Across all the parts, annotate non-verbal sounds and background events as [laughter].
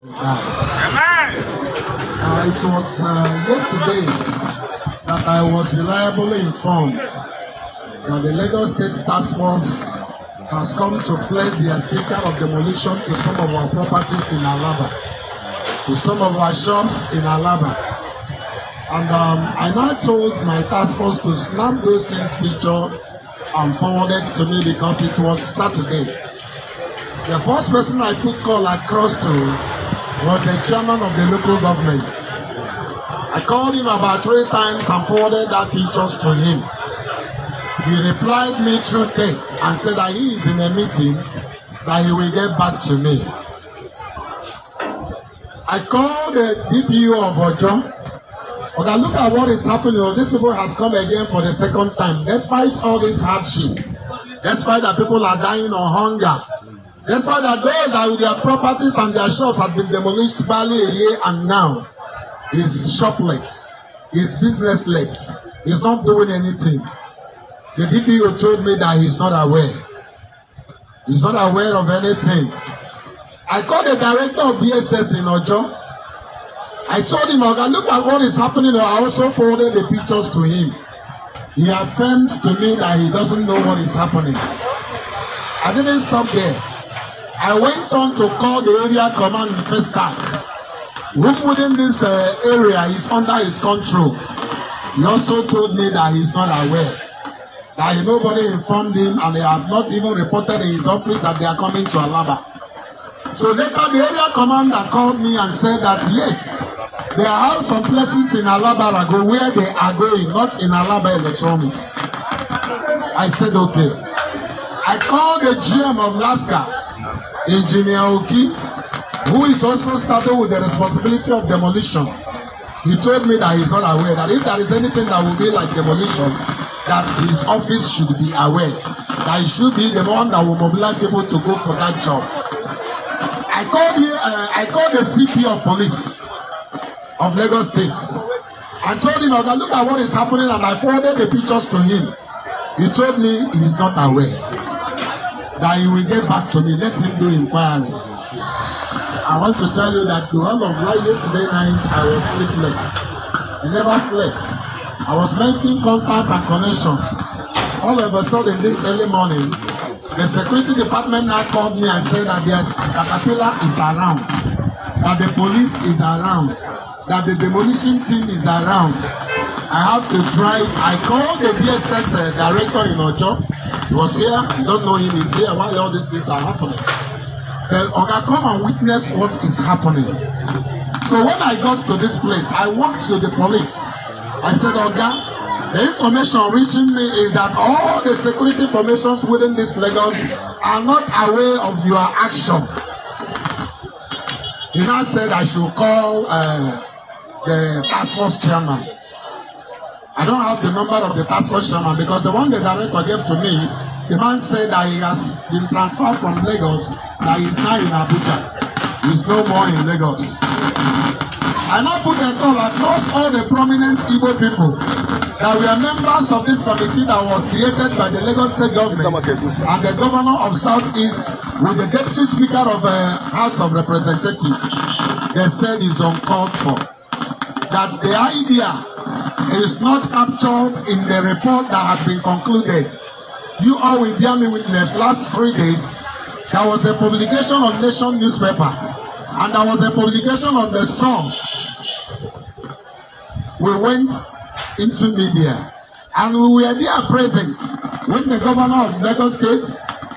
Uh, it was uh, yesterday that I was reliably informed that the Lagos State Task Force has come to place the sticker of demolition to some of our properties in Alaba, to some of our shops in Alaba. And um, I now told my task force to snap those things picture and forward it to me because it was Saturday. The first person I could call across to was the chairman of the local government. I called him about three times and forwarded that pictures to him. He replied me through text and said that he is in a meeting that he will get back to me. I called the DPU of Ojo. Okay, look at what is happening. Oh, these people has come again for the second time. Despite all this hardship, despite that people are dying of hunger, Despite that those that with their properties and their shops have been demolished barely a year and now is shopless, is businessless, is not doing anything. The DPO told me that he's not aware. He's not aware of anything. I called the director of BSS in Ojo. I told him, Oga, look at what is happening. I also forwarded the pictures to him. He affirms to me that he doesn't know what is happening. I didn't stop there. I went on to call the area command first time. Whom within this uh, area is under his control. He also told me that he's not aware. That nobody informed him and they have not even reported in his office that they are coming to Alaba. So later the area commander called me and said that yes, there are some places in Alaba Rago where they are going, not in Alaba Electronics. I said okay. I called the GM of LAFCA Engineer Oki, who is also saddled with the responsibility of demolition, he told me that he's not aware that if there is anything that will be like demolition, that his office should be aware, that he should be the one that will mobilize people to go for that job. I called the, uh, I called the CP of police of Lagos State and told him, Oga, look at what is happening, and I forwarded the pictures to him. He told me he's not aware that he will get back to me. Let him do inquiries. I want to tell you that the whole of last yesterday night I was sleepless. I never slept. I was making contact and connection. All of a sudden this early morning, the security department now called me and said that there's caterpillar is around, that the police is around, that the demolition team is around. I have to drive. I called the DSS uh, director in Ojo. He was here. You don't know him. He's here Why all these things are happening. So, Oga, come and witness what is happening. So when I got to this place, I walked to the police. I said, Oga, the information reaching me is that all the security formations within this Lagos are not aware of your action. He now said I should call uh, the task force chairman. I don't have the number of the task force chairman because the one the director gave to me, the man said that he has been transferred from Lagos, that he's now in Abuja. He's no more in Lagos. I now put a call across all the prominent Igbo people that we are members of this committee that was created by the Lagos state government and the governor of Southeast with the deputy speaker of uh, House of Representatives. They said it's uncalled for. That's the idea is not captured in the report that has been concluded. You all will bear me witness last three days there was a publication on Nation newspaper and there was a publication on the song. We went into media and we were there present when the governor of Lagos State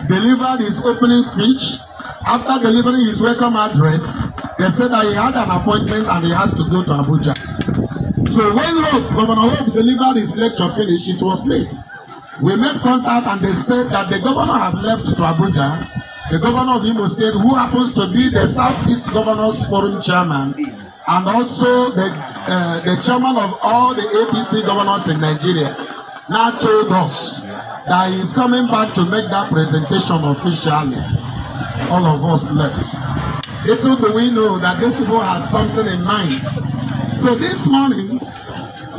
delivered his opening speech. After delivering his welcome address, they said that he had an appointment and he has to go to Abuja. So when Hope, Governor Hope delivered his lecture finish, it was late. We made contact and they said that the governor had left to Abuja. The governor of Imo State, who happens to be the Southeast Governors Forum chairman, and also the, uh, the chairman of all the APC governors in Nigeria, now told us that he is coming back to make that presentation officially. All of us left. Little do we know that this people has something in mind. So this morning,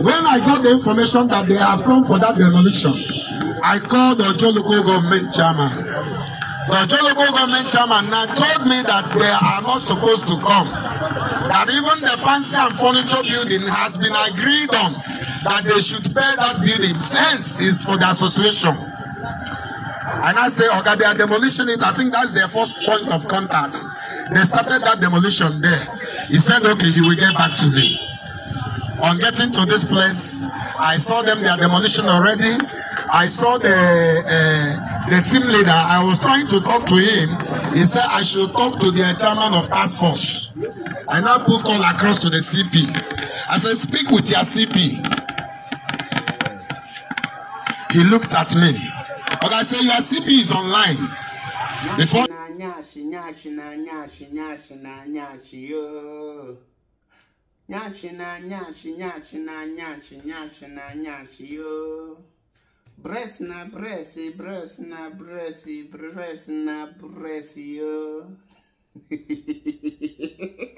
When I got the information that they have come for that demolition, I called the Ojo local government chairman. The Ojo local government chairman now told me that they are not supposed to come. That even the fancy and furniture building has been agreed on that they should pay that building since it's for the association. And I say, Oga, they are demolishing it. I think that's their first point of contact. They started that demolition there. He said, okay, you will get back to me. on getting to this place. I saw them their demolition already. I saw the uh, the team leader. I was trying to talk to him. He said I should talk to the chairman of task force. I now put all across to the CP. I said, speak with your CP. He looked at me. But I said, your CP is online. Before. nyachi na nyachi nyachi na nyachi nyachi na nyachi yo bres na bres bres na bres bres na bres yo [laughs]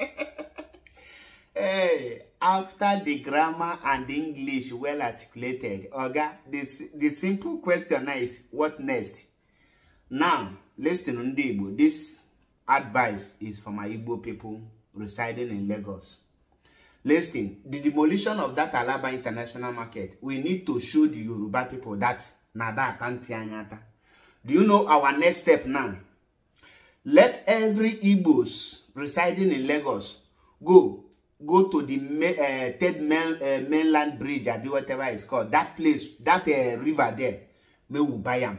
hey after the grammar and english well articulated oga the, the simple question is what next now listen ndị igbo this advice is for my igbo people residing in lagos Listen, the demolition of that Alaba international market, we need to show the Yoruba people that na that antianyata. Do you know our next step now? Let every Igbos residing in Lagos go go to the uh, eh, third main, uh, eh, mainland bridge, abi whatever it's called. That place, that uh, river there, may we buy am.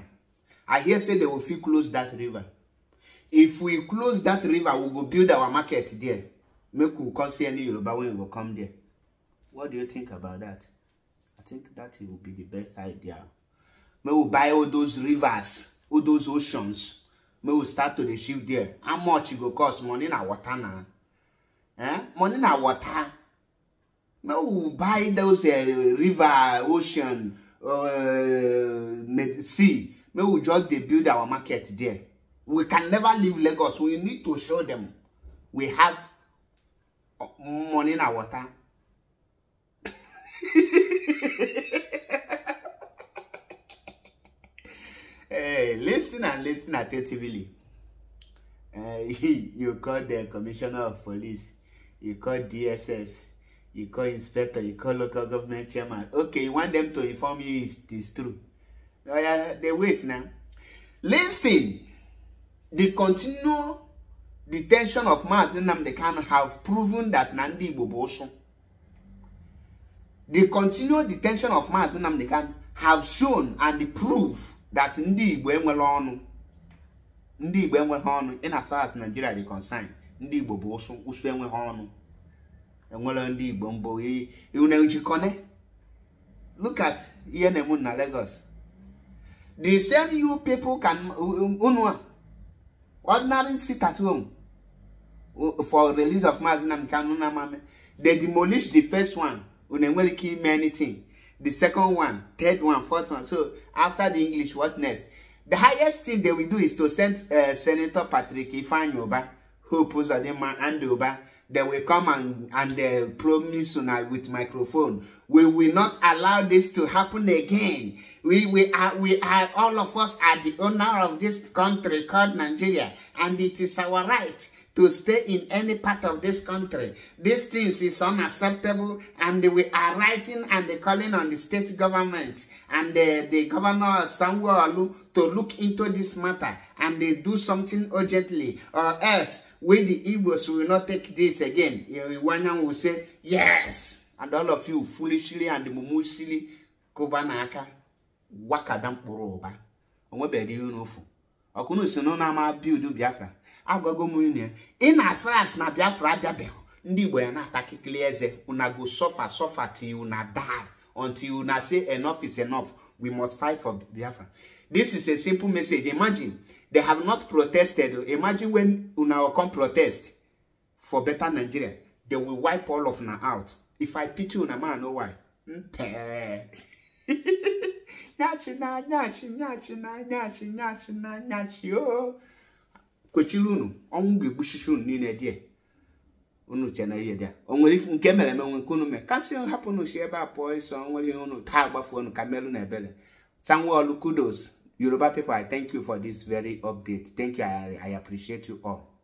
I hear say they will fit close that river. If we close that river, we will build our market there make we come see any Yoruba when you go come there. What do you think about that? I think that it will be the best idea. May we buy all those rivers, all those oceans. May we start to the ship there. How much it will cost? Money na water na. Eh? Money na water. May we buy those uh, river, ocean, uh, sea. May we just build our market there. We can never leave Lagos. We need to show them we have Oh, money na water. [laughs] hey, listen and listen attentively. Uh, [laughs] you call the commissioner of police, you call DSS, you call inspector, you call local government chairman. Okay, you want them to inform you it's, it's true. Oh, yeah, they wait now. Listen, the continue. tension of mars Nnamdi Kanu have proven that na ndị Igbo bụ ụsụ the continued detention of mars Nnamdi Kanu have shown and prove that ndị Igbo enwere ọnụ ndị Igbo enweghị ọnụ in as far as Nigeria dị concerned ndị Igbo bụ ụsụ ụsụ enweghị ọnụ enwere ndị Igbo mbụ unu ejikọne look at ihe na-emu na Lagos the same you people can unu a ordinary sit at home for release of Mazinam Nnamdi Kanu They demolished the first one. Unu enwere ike anything. The second one, third one, fourth one. So after the English, what next? The highest thing they will do is to send uh, Senator Patrick who pulls Hope Uzodinma, and Uba they will come and, and they uh, promise una uh, with microphone. We will not allow this to happen again. We, we, are, we are, all of us are the owner of this country called Nigeria, and it is our right to stay in any part of this country. These things is unacceptable and we are writing and calling on the state government and the, the governor Sanwo-Olu to look into this matter and they do something urgently or else we the Igbos will not take this again. Iwanyan will say, yes. And all of you foolishly and mumushly kobanaka wakadam poroba. Onwe bedi unofu. Okunu sinu na ma biudu Biafra agwago m unu in as far as na biafra abịabeghị ndị igbo ya na-atakikili eze una go suffer suffer till una die until una say enough is enough we must fight for biafra this is a simple message imagine they have not protested imagine when una will come protest for better nigeria they will wipe all of una out if i pity una man no why mpee [laughs] nyachi na nyachi nyachi na nyachi nyachi na nyachi oh. kwechiri unu ọnwụ ga-egbuchichi unu niile dị unu che na ihe dị o nwere ifu nke e mere eme nwe nke unu mee kasị hapụnụ si ebe a pụọ ịsọ nwere ihe unu taa gbafuo unu ka na ebele sanwo-olu kudos yoruba people i thank you for this very update thank you i, I appreciate you all